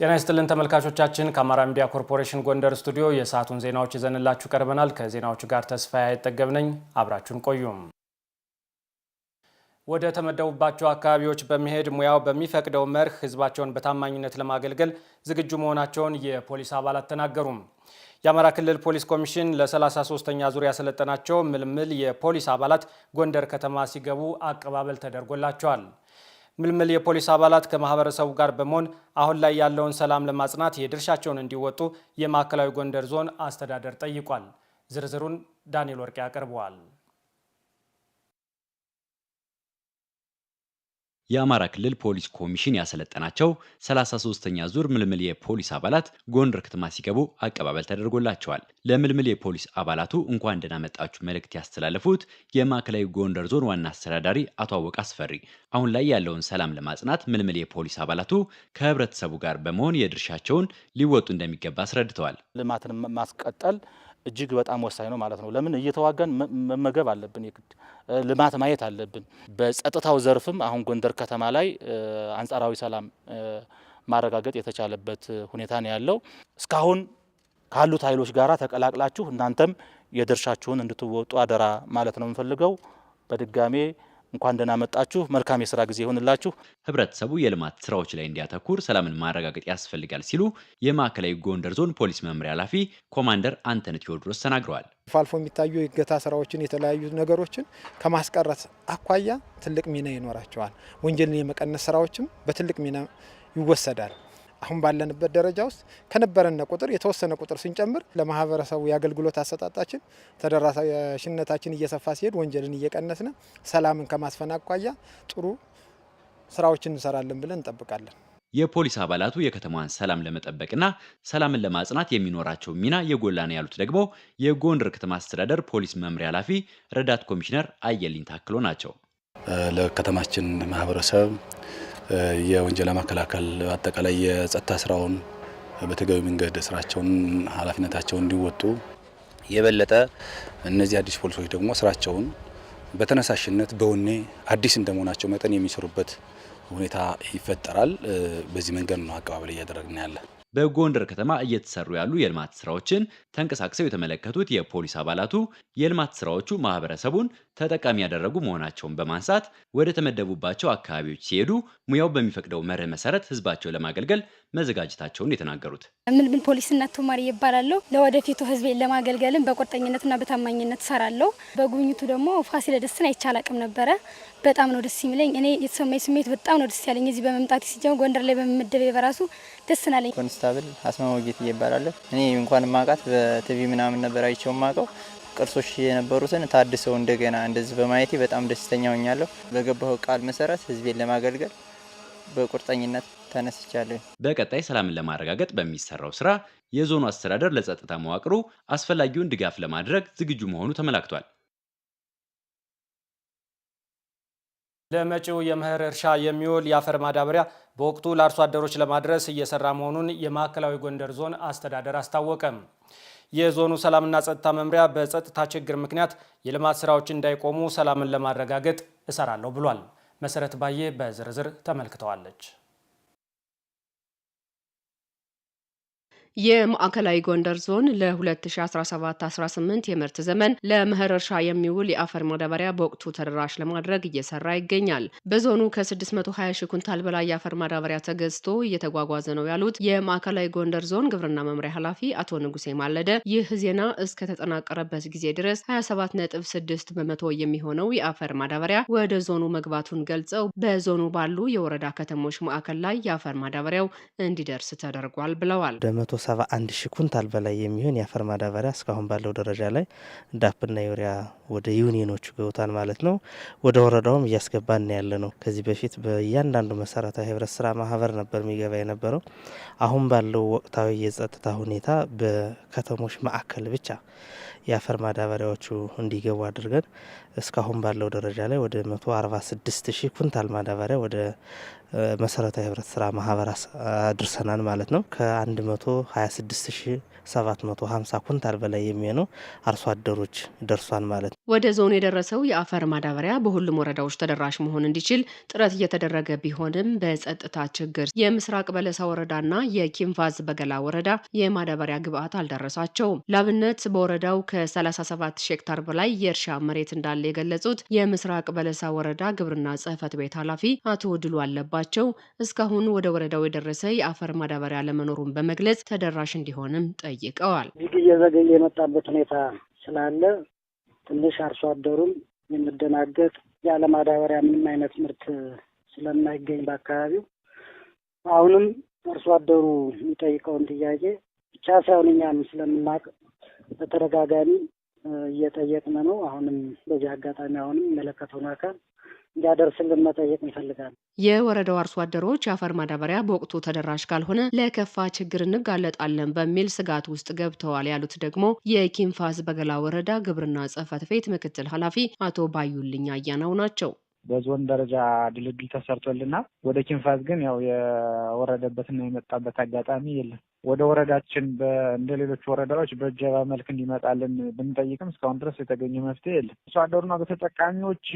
ጤና ይስጥልን ተመልካቾቻችን፣ ከአማራ ሚዲያ ኮርፖሬሽን ጎንደር ስቱዲዮ የሰዓቱን ዜናዎች ይዘንላችሁ ቀርበናል። ከዜናዎቹ ጋር ተስፋ አይጠገብ ነኝ። አብራችሁን ቆዩም። ወደ ተመደቡባቸው አካባቢዎች በመሄድ ሙያው በሚፈቅደው መርህ ህዝባቸውን በታማኝነት ለማገልገል ዝግጁ መሆናቸውን የፖሊስ አባላት ተናገሩም። የአማራ ክልል ፖሊስ ኮሚሽን ለ33ኛ ዙር ያሰለጠናቸው ምልምል የፖሊስ አባላት ጎንደር ከተማ ሲገቡ አቀባበል ተደርጎላቸዋል። ምልምል የፖሊስ አባላት ከማህበረሰቡ ጋር በመሆን አሁን ላይ ያለውን ሰላም ለማጽናት የድርሻቸውን እንዲወጡ የማዕከላዊ ጎንደር ዞን አስተዳደር ጠይቋል። ዝርዝሩን ዳንኤል ወርቄ ያቀርበዋል። የአማራ ክልል ፖሊስ ኮሚሽን ያሰለጠናቸው 33ኛ ዙር ምልምል የፖሊስ አባላት ጎንደር ከተማ ሲገቡ አቀባበል ተደርጎላቸዋል። ለምልምል የፖሊስ አባላቱ እንኳን ደህና መጣችሁ መልእክት ያስተላለፉት የማዕከላዊ ጎንደር ዞን ዋና አስተዳዳሪ አቶ አወቅ አስፈሪ አሁን ላይ ያለውን ሰላም ለማጽናት ምልምል የፖሊስ አባላቱ ከህብረተሰቡ ጋር በመሆን የድርሻቸውን ሊወጡ እንደሚገባ አስረድተዋል። ልማትን ማስቀጠል እጅግ በጣም ወሳኝ ነው ማለት ነው። ለምን እየተዋጋን መመገብ አለብን፣ የግድ ልማት ማየት አለብን። በጸጥታው ዘርፍም አሁን ጎንደር ከተማ ላይ አንጻራዊ ሰላም ማረጋገጥ የተቻለበት ሁኔታ ነው ያለው። እስካሁን ካሉት ኃይሎች ጋር ተቀላቅላችሁ እናንተም የድርሻችሁን እንድትወጡ አደራ ማለት ነው የምፈልገው በድጋሜ እንኳን ደህና መጣችሁ። መልካም የስራ ጊዜ ይሆንላችሁ። ህብረተሰቡ የልማት ስራዎች ላይ እንዲያተኩር ሰላምን ማረጋገጥ ያስፈልጋል ሲሉ የማዕከላዊ ጎንደር ዞን ፖሊስ መምሪያ ኃላፊ ኮማንደር አንተነ ቴዎድሮስ ተናግረዋል። አልፎ የሚታዩ የእገታ ስራዎችን የተለያዩ ነገሮችን ከማስቀረት አኳያ ትልቅ ሚና ይኖራቸዋል። ወንጀልን የመቀነስ ስራዎችም በትልቅ ሚና ይወሰዳል። አሁን ባለንበት ደረጃ ውስጥ ከነበረን ቁጥር የተወሰነ ቁጥር ስንጨምር ለማህበረሰቡ የአገልግሎት አሰጣጣችን ተደራሽነታችን እየሰፋ ሲሄድ ወንጀልን እየቀነስነ ሰላምን ከማስፈን አኳያ ጥሩ ስራዎችን እንሰራለን ብለን እንጠብቃለን። የፖሊስ አባላቱ የከተማዋን ሰላም ለመጠበቅና ሰላምን ለማጽናት የሚኖራቸው ሚና የጎላ ነው ያሉት ደግሞ የጎንደር ከተማ አስተዳደር ፖሊስ መምሪያ ኃላፊ ረዳት ኮሚሽነር አየልኝ ታክሎ ናቸው። ለከተማችን ማህበረሰብ የወንጀል መከላከል አጠቃላይ የጸጥታ ስራውን በተገቢ መንገድ ስራቸውን ኃላፊነታቸውን እንዲወጡ የበለጠ እነዚህ አዲስ ፖሊሶች ደግሞ ስራቸውን በተነሳሽነት በወኔ አዲስ እንደመሆናቸው መጠን የሚሰሩበት ሁኔታ ይፈጠራል። በዚህ መንገድ ነው አቀባበል እያደረግን ያለን። በጎንደር ከተማ እየተሰሩ ያሉ የልማት ስራዎችን ተንቀሳቅሰው የተመለከቱት የፖሊስ አባላቱ የልማት ስራዎቹ ማህበረሰቡን ተጠቃሚ ያደረጉ መሆናቸውን በማንሳት ወደ ተመደቡባቸው አካባቢዎች ሲሄዱ ሙያው በሚፈቅደው መርህ መሰረት ህዝባቸው ለማገልገል መዘጋጀታቸውን የተናገሩት ምን ምን ፖሊስነት ቱማሪ ይባላለሁ። ለወደፊቱ ህዝቤን ለማገልገልም በቁርጠኝነትና በታማኝነት ሰራለሁ። በጉብኝቱ ደግሞ ፋሲለደስን አይቻል አቅም ነበረ በጣም ነው ደስ የሚለኝ። እኔ የተሰማኝ ስሜት በጣም ነው ደስ ያለኝ እዚህ በመምጣት ሲጀምር ጎንደር ላይ በመመደቤ በራሱ ደስ ናለኝ። ኮንስታብል አስማማው ጌት እባላለሁ። እኔ እንኳን ማቃት በቲቪ ምናምን ነበር አይቼው ማቀው ቅርሶች የነበሩትን ታድሰው እንደገና እንደዚህ በማየቴ በጣም ደስተኛ ሆኛለሁ። በገባው ቃል መሰረት ህዝቤን ለማገልገል በቁርጠኝነት ተነስቻለሁ። በቀጣይ ሰላምን ለማረጋገጥ በሚሰራው ስራ የዞኑ አስተዳደር ለጸጥታ መዋቅሩ አስፈላጊውን ድጋፍ ለማድረግ ዝግጁ መሆኑ ተመላክቷል። ለመጪው የመኸር እርሻ የሚውል የአፈር ማዳበሪያ በወቅቱ ለአርሶ አደሮች ለማድረስ እየሰራ መሆኑን የማዕከላዊ ጎንደር ዞን አስተዳደር አስታወቀም። የዞኑ ሰላምና ጸጥታ መምሪያ በጸጥታ ችግር ምክንያት የልማት ስራዎች እንዳይቆሙ ሰላምን ለማረጋገጥ እሰራለሁ ብሏል። መሰረት ባዬ በዝርዝር ተመልክተዋለች። የማዕከላዊ ጎንደር ዞን ለ2017-18 የምርት ዘመን ለመኸር እርሻ የሚውል የአፈር ማዳበሪያ በወቅቱ ተደራሽ ለማድረግ እየሰራ ይገኛል። በዞኑ ከ620 ሺህ ኩንታል በላይ የአፈር ማዳበሪያ ተገዝቶ እየተጓጓዘ ነው ያሉት የማዕከላዊ ጎንደር ዞን ግብርና መምሪያ ኃላፊ አቶ ንጉሴ ማለደ ይህ ዜና እስከተጠናቀረበት ጊዜ ድረስ 27.6 በመቶ የሚሆነው የአፈር ማዳበሪያ ወደ ዞኑ መግባቱን ገልጸው በዞኑ ባሉ የወረዳ ከተሞች ማዕከል ላይ የአፈር ማዳበሪያው እንዲደርስ ተደርጓል ብለዋል። 71 ሺህ ኩንታል በላይ የሚሆን የአፈር ማዳበሪያ እስካሁን ባለው ደረጃ ላይ ዳፕና ዩሪያ ወደ ዩኒየኖቹ ገብቷል ማለት ነው። ወደ ወረዳውም እያስገባን ያለ ነው። ከዚህ በፊት በእያንዳንዱ መሰረታዊ ህብረት ስራ ማህበር ነበር የሚገባ የነበረው። አሁን ባለው ወቅታዊ የጸጥታ ሁኔታ በከተሞች ማዕከል ብቻ የአፈር ማዳበሪያዎቹ እንዲገቡ አድርገን እስካሁን ባለው ደረጃ ላይ ወደ 146 ሺህ ኩንታል ማዳበሪያ ወደ መሰረታዊ ህብረት ስራ ማህበር አድርሰናል ማለት ነው። ከ126750 ኩንታል በላይ የሚሆኑ አርሶ አደሮች ደርሷል ማለት ነው። ወደ ዞን የደረሰው የአፈር ማዳበሪያ በሁሉም ወረዳዎች ተደራሽ መሆን እንዲችል ጥረት እየተደረገ ቢሆንም በጸጥታ ችግር የምስራቅ በለሳ ወረዳና የኪንፋዝ በገላ ወረዳ የማዳበሪያ ግብአት አልደረሳቸውም። ላብነት በወረዳው ከ37 ሺህ ሄክታር በላይ የእርሻ መሬት እንዳለ የገለጹት የምስራቅ በለሳ ወረዳ ግብርና ጽህፈት ቤት ኃላፊ አቶ ድሉ አለባቸው እስካሁን ወደ ወረዳው የደረሰ የአፈር ማዳበሪያ ለመኖሩን በመግለጽ ተደራሽ እንዲሆንም ጠይቀዋል። ግ እየዘገየ የመጣበት ሁኔታ ስላለ ትንሽ አርሶ አደሩም የመደናገጥ ያለ ማዳበሪያ ምንም አይነት ምርት ስለማይገኝ በአካባቢው አሁንም አርሶ አደሩ የሚጠይቀውን ጥያቄ ብቻ ሳይሆን እኛም ስለምናውቅ በተደጋጋሚ እየጠየቅን ነው። አሁንም በዚህ አጋጣሚ አሁንም መለከተውን አካል እንዲያደርስልን መጠየቅ እንፈልጋለን። የወረዳው አርሶ አደሮች የአፈር ማዳበሪያ በወቅቱ ተደራሽ ካልሆነ ለከፋ ችግር እንጋለጣለን በሚል ስጋት ውስጥ ገብተዋል ያሉት ደግሞ የኪንፋዝ በገላ ወረዳ ግብርና ጽሕፈት ቤት ምክትል ኃላፊ አቶ ባዩልኝ አያናው ናቸው። በዞን ደረጃ ድልድል ተሰርቶልናል። ወደ ኪንፋዝ ግን ያው የወረደበትና የመጣበት አጋጣሚ የለም። ወደ ወረዳችን እንደ ሌሎች ወረዳዎች በእጀባ መልክ እንዲመጣልን ብንጠይቅም እስካሁን ድረስ የተገኘ መፍትሄ የለም። አርሶ አደሩና በተጠቃሚዎች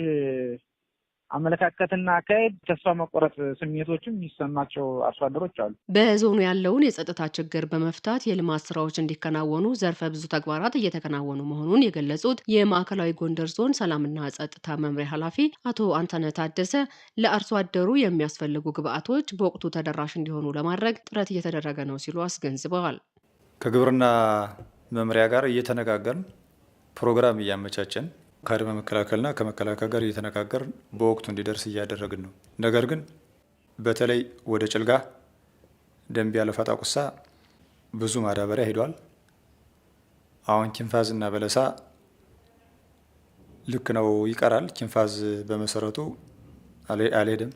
አመለካከትና አካሄድ ተስፋ መቆረጥ ስሜቶችም የሚሰማቸው አርሶ አደሮች አሉ። በዞኑ ያለውን የጸጥታ ችግር በመፍታት የልማት ስራዎች እንዲከናወኑ ዘርፈ ብዙ ተግባራት እየተከናወኑ መሆኑን የገለጹት የማዕከላዊ ጎንደር ዞን ሰላምና ጸጥታ መምሪያ ኃላፊ አቶ አንተነ ታደሰ ለአርሶ አደሩ የሚያስፈልጉ ግብዓቶች በወቅቱ ተደራሽ እንዲሆኑ ለማድረግ ጥረት እየተደረገ ነው ሲሉ አስገንዝበዋል። ከግብርና መምሪያ ጋር እየተነጋገርን ፕሮግራም እያመቻቸን ከቅድመ መከላከልና ከመከላከል ጋር እየተነጋገርን በወቅቱ እንዲደርስ እያደረግን ነው። ነገር ግን በተለይ ወደ ጭልጋ፣ ያለ ለፋጣ ቁሳ ብዙ ማዳበሪያ ሄዷል። አሁን ኪንፋዝ እና በለሳ ልክ ነው ይቀራል። ኪንፋዝ በመሰረቱ አልሄድም።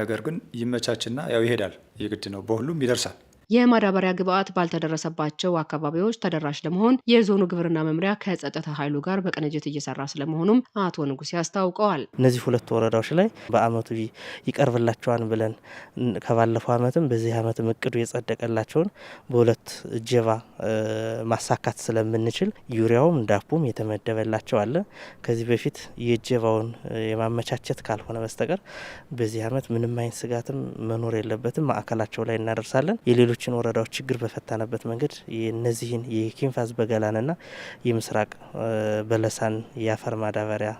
ነገር ግን ይመቻችና ያው ይሄዳል፣ የግድ ነው፣ በሁሉም ይደርሳል። የማዳበሪያ ግብዓት ባልተደረሰባቸው አካባቢዎች ተደራሽ ለመሆን የዞኑ ግብርና መምሪያ ከጸጥታ ኃይሉ ጋር በቅንጅት እየሰራ ስለመሆኑም አቶ ንጉሴ አስታውቀዋል። እነዚህ ሁለት ወረዳዎች ላይ በአመቱ ይቀርብላቸዋል ብለን ከባለፈው አመትም በዚህ አመትም እቅዱ የጸደቀላቸውን በሁለት እጀባ ማሳካት ስለምንችል ዩሪያውም ዳፑም የተመደበላቸው አለ። ከዚህ በፊት የእጀባውን የማመቻቸት ካልሆነ በስተቀር በዚህ አመት ምንም አይነት ስጋትም መኖር የለበትም። ማዕከላቸው ላይ እናደርሳለን። የሌሎ ሌሎችን ወረዳዎች ችግር በፈታንበት መንገድ እነዚህን የኪንፋዝ በገላንና የምስራቅ በለሳን የአፈር ማዳበሪያ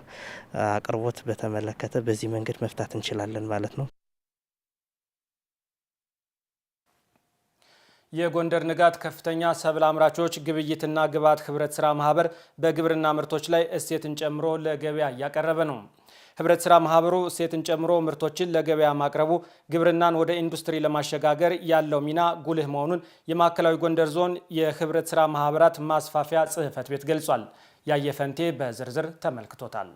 አቅርቦት በተመለከተ በዚህ መንገድ መፍታት እንችላለን ማለት ነው። የጎንደር ንጋት ከፍተኛ ሰብል አምራቾች ግብይትና ግብዓት ህብረት ስራ ማህበር በግብርና ምርቶች ላይ እሴትን ጨምሮ ለገበያ እያቀረበ ነው። ህብረት ስራ ማህበሩ እሴትን ጨምሮ ምርቶችን ለገበያ ማቅረቡ ግብርናን ወደ ኢንዱስትሪ ለማሸጋገር ያለው ሚና ጉልህ መሆኑን የማዕከላዊ ጎንደር ዞን የህብረት ስራ ማህበራት ማስፋፊያ ጽህፈት ቤት ገልጿል። ያየፈንቴ በዝርዝር ተመልክቶታል።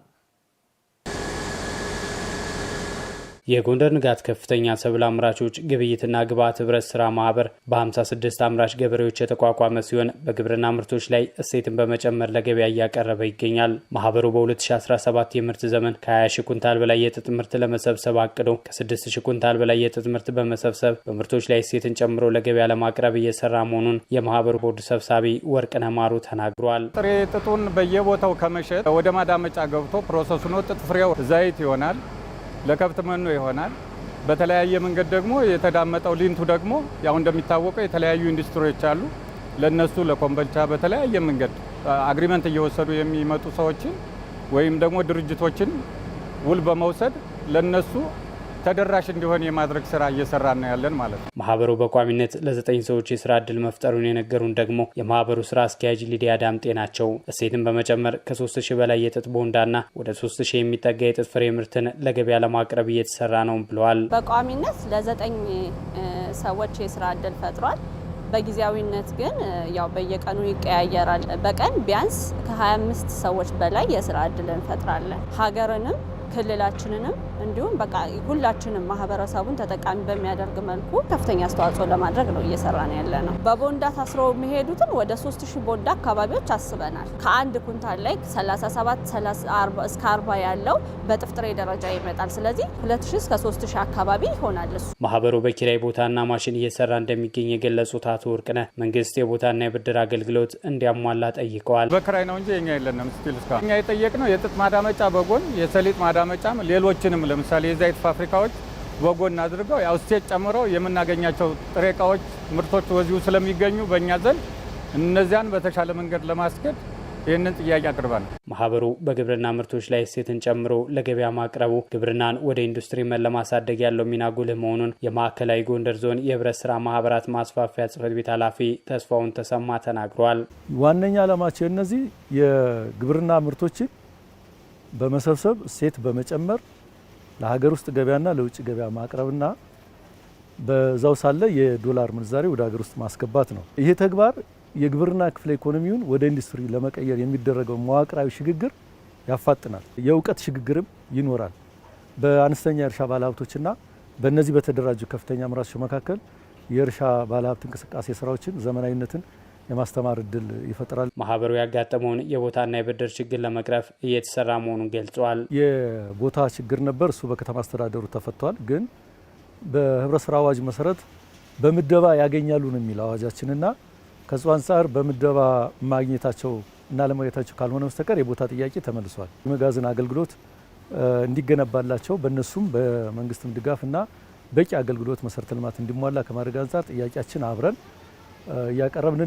የጎንደር ንጋት ከፍተኛ ሰብል አምራቾች ግብይትና ግብዓት ህብረት ስራ ማህበር በ56 አምራች ገበሬዎች የተቋቋመ ሲሆን በግብርና ምርቶች ላይ እሴትን በመጨመር ለገበያ እያቀረበ ይገኛል። ማህበሩ በ2017 የምርት ዘመን ከ20 ሺ ኩንታል በላይ የጥጥ ምርት ለመሰብሰብ አቅዶ ከ6 ሺ ኩንታል በላይ የጥጥ ምርት በመሰብሰብ በምርቶች ላይ እሴትን ጨምሮ ለገበያ ለማቅረብ እየሰራ መሆኑን የማህበሩ ቦርድ ሰብሳቢ ወርቅነህ ማሩ ተናግሯል። ጥሬ ጥጡን በየቦታው ከመሸጥ ወደ ማዳመጫ ገብቶ ፕሮሰሱ ነው። ጥጥ ፍሬው ዘይት ይሆናል። ለከብት መኖ ይሆናል። በተለያየ መንገድ ደግሞ የተዳመጠው ሊንቱ ደግሞ ያው እንደሚታወቀው የተለያዩ ኢንዱስትሪዎች አሉ። ለነሱ ለኮምበልቻ በተለያየ መንገድ አግሪመንት እየወሰዱ የሚመጡ ሰዎችን ወይም ደግሞ ድርጅቶችን ውል በመውሰድ ለነሱ ተደራሽ እንዲሆን የማድረግ ስራ እየሰራ ነው ያለን ማለት ነው። ማህበሩ በቋሚነት ለዘጠኝ ሰዎች የስራ እድል መፍጠሩን የነገሩን ደግሞ የማህበሩ ስራ አስኪያጅ ሊዲያ ዳምጤ ናቸው። እሴትን በመጨመር ከሶስት ሺህ በላይ የጥጥ ቦንዳና ወደ ሶስት ሺህ የሚጠጋ የጥጥ ፍሬ ምርትን ለገበያ ለማቅረብ እየተሰራ ነው ብለዋል። በቋሚነት ለዘጠኝ ሰዎች የስራ እድል ፈጥሯል። በጊዜያዊነት ግን ያው በየቀኑ ይቀያየራል። በቀን ቢያንስ ከ25 ሰዎች በላይ የስራ እድል እንፈጥራለን ሀገርንም ክልላችንንም እንዲሁም በቃ ሁላችንም ማህበረሰቡን ተጠቃሚ በሚያደርግ መልኩ ከፍተኛ አስተዋጽኦ ለማድረግ ነው እየሰራ ነው ያለ ነው። በቦንዳ ታስረው የሚሄዱትን ወደ 3000 ቦንዳ አካባቢዎች አስበናል። ከአንድ ኩንታል ላይ 37 እስከ 40 ያለው በጥፍጥሬ ደረጃ ይመጣል። ስለዚህ 2000 እስከ 3000 አካባቢ ይሆናል። እሱ ማህበሩ በኪራይ ቦታና ማሽን እየሰራ እንደሚገኝ የገለጹት አቶ ወርቅነህ መንግስት የቦታና የብድር አገልግሎት እንዲያሟላ ጠይቀዋል። በክራይ ነው እንጂ የኛ የለንም። ስቲል እስካሁን እኛ የጠየቅነው የጥጥ ማዳመጫ በጎን የሰሊጥ ማዳ ማዳመጫም ሌሎችንም ለምሳሌ የዘይት ፋብሪካዎች በጎን አድርገው ያው እሴት ጨምረው የምናገኛቸው ጥሬ እቃዎች፣ ምርቶች ወዚሁ ስለሚገኙ በእኛ ዘንድ እነዚያን በተሻለ መንገድ ለማስኬድ ይህንን ጥያቄ አቅርበናል። ማህበሩ በግብርና ምርቶች ላይ እሴትን ጨምሮ ለገበያ ማቅረቡ ግብርናን ወደ ኢንዱስትሪ መን ለማሳደግ ያለው ሚና ጉልህ መሆኑን የማዕከላዊ ጎንደር ዞን የህብረት ስራ ማህበራት ማስፋፊያ ጽህፈት ቤት ኃላፊ ተስፋውን ተሰማ ተናግሯል። ዋነኛ ዓላማቸው እነዚህ የግብርና ምርቶችን በመሰብሰብ እሴት በመጨመር ለሀገር ውስጥ ገበያና ለውጭ ገበያ ማቅረብና በዛው ሳለ የዶላር ምንዛሬ ወደ ሀገር ውስጥ ማስገባት ነው። ይሄ ተግባር የግብርና ክፍለ ኢኮኖሚውን ወደ ኢንዱስትሪ ለመቀየር የሚደረገው መዋቅራዊ ሽግግር ያፋጥናል። የእውቀት ሽግግርም ይኖራል። በአነስተኛ የእርሻ ባለሀብቶችና በእነዚህ በተደራጁ ከፍተኛ አምራቾች መካከል የእርሻ ባለሀብት እንቅስቃሴ ስራዎችን ዘመናዊነትን የማስተማር እድል ይፈጥራል። ማህበሩ ያጋጠመውን የቦታና የብድር ችግር ለመቅረፍ እየተሰራ መሆኑን ገልጿል። የቦታ ችግር ነበር፣ እሱ በከተማ አስተዳደሩ ተፈቷል። ግን በህብረት ስራ አዋጅ መሰረት በምደባ ያገኛሉ ነው የሚል አዋጃችንና ከዚ አንጻር በምደባ ማግኘታቸው እና ለማግኘታቸው ካልሆነ በስተቀር የቦታ ጥያቄ ተመልሷል። የመጋዘን አገልግሎት እንዲገነባላቸው በእነሱም በመንግስትም ድጋፍና በቂ አገልግሎት መሰረተ ልማት እንዲሟላ ከማድረግ አንጻር ጥያቄያችን አብረን እያቀረብን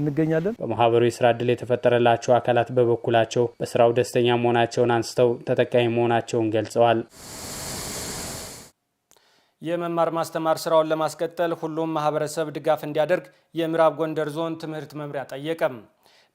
እንገኛለን። በማህበሩ የስራ እድል የተፈጠረላቸው አካላት በበኩላቸው በስራው ደስተኛ መሆናቸውን አንስተው ተጠቃሚ መሆናቸውን ገልጸዋል። የመማር ማስተማር ስራውን ለማስቀጠል ሁሉም ማህበረሰብ ድጋፍ እንዲያደርግ የምዕራብ ጎንደር ዞን ትምህርት መምሪያ ጠየቀም።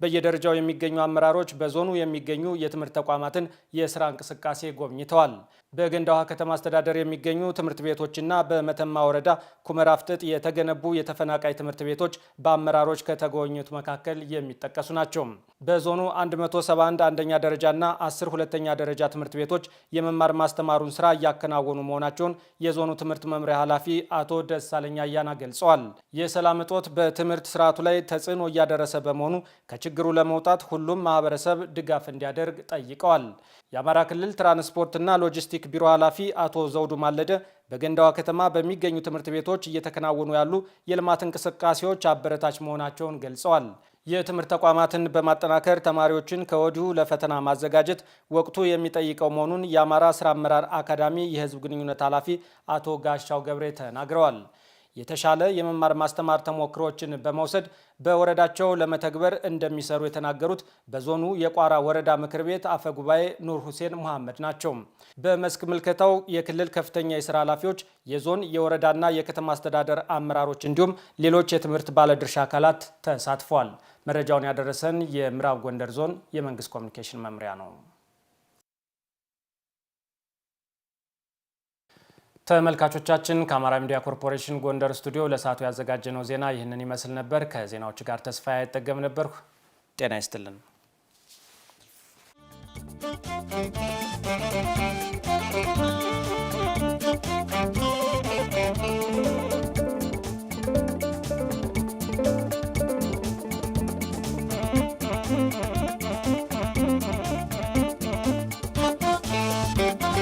በየደረጃው የሚገኙ አመራሮች በዞኑ የሚገኙ የትምህርት ተቋማትን የስራ እንቅስቃሴ ጎብኝተዋል። በገንዳ ውሃ ከተማ አስተዳደር የሚገኙ ትምህርት ቤቶችና በመተማ ወረዳ ኩመራፍጥጥ የተገነቡ የተፈናቃይ ትምህርት ቤቶች በአመራሮች ከተጎበኙት መካከል የሚጠቀሱ ናቸው። በዞኑ 171 አንደኛ ደረጃና 10 ሁለተኛ ደረጃ ትምህርት ቤቶች የመማር ማስተማሩን ስራ እያከናወኑ መሆናቸውን የዞኑ ትምህርት መምሪያ ኃላፊ አቶ ደሳለኛ አያና ገልጸዋል። የሰላም እጦት በትምህርት ስርዓቱ ላይ ተጽዕኖ እያደረሰ በመሆኑ ከችግሩ ለመውጣት ሁሉም ማህበረሰብ ድጋፍ እንዲያደርግ ጠይቀዋል። የአማራ ክልል ትራንስፖርትና ሎጂስቲክ ቢሮ ኃላፊ አቶ ዘውዱ ማለደ በገንዳዋ ከተማ በሚገኙ ትምህርት ቤቶች እየተከናወኑ ያሉ የልማት እንቅስቃሴዎች አበረታች መሆናቸውን ገልጸዋል። የትምህርት ተቋማትን በማጠናከር ተማሪዎችን ከወዲሁ ለፈተና ማዘጋጀት ወቅቱ የሚጠይቀው መሆኑን የአማራ ስራ አመራር አካዳሚ የህዝብ ግንኙነት ኃላፊ አቶ ጋሻው ገብሬ ተናግረዋል። የተሻለ የመማር ማስተማር ተሞክሮችን በመውሰድ በወረዳቸው ለመተግበር እንደሚሰሩ የተናገሩት በዞኑ የቋራ ወረዳ ምክር ቤት አፈ ጉባኤ ኑር ሁሴን መሐመድ ናቸው። በመስክ ምልከታው የክልል ከፍተኛ የስራ ኃላፊዎች፣ የዞን የወረዳና የከተማ አስተዳደር አመራሮች እንዲሁም ሌሎች የትምህርት ባለድርሻ አካላት ተሳትፏል። መረጃውን ያደረሰን የምዕራብ ጎንደር ዞን የመንግስት ኮሚኒኬሽን መምሪያ ነው። ተመልካቾቻችን ከአማራ ሚዲያ ኮርፖሬሽን ጎንደር ስቱዲዮ ለሰዓቱ ያዘጋጀነው ዜና ይህንን ይመስል ነበር። ከዜናዎች ጋር ተስፋ አይጠገም ነበርኩ። ጤና ይስጥልን።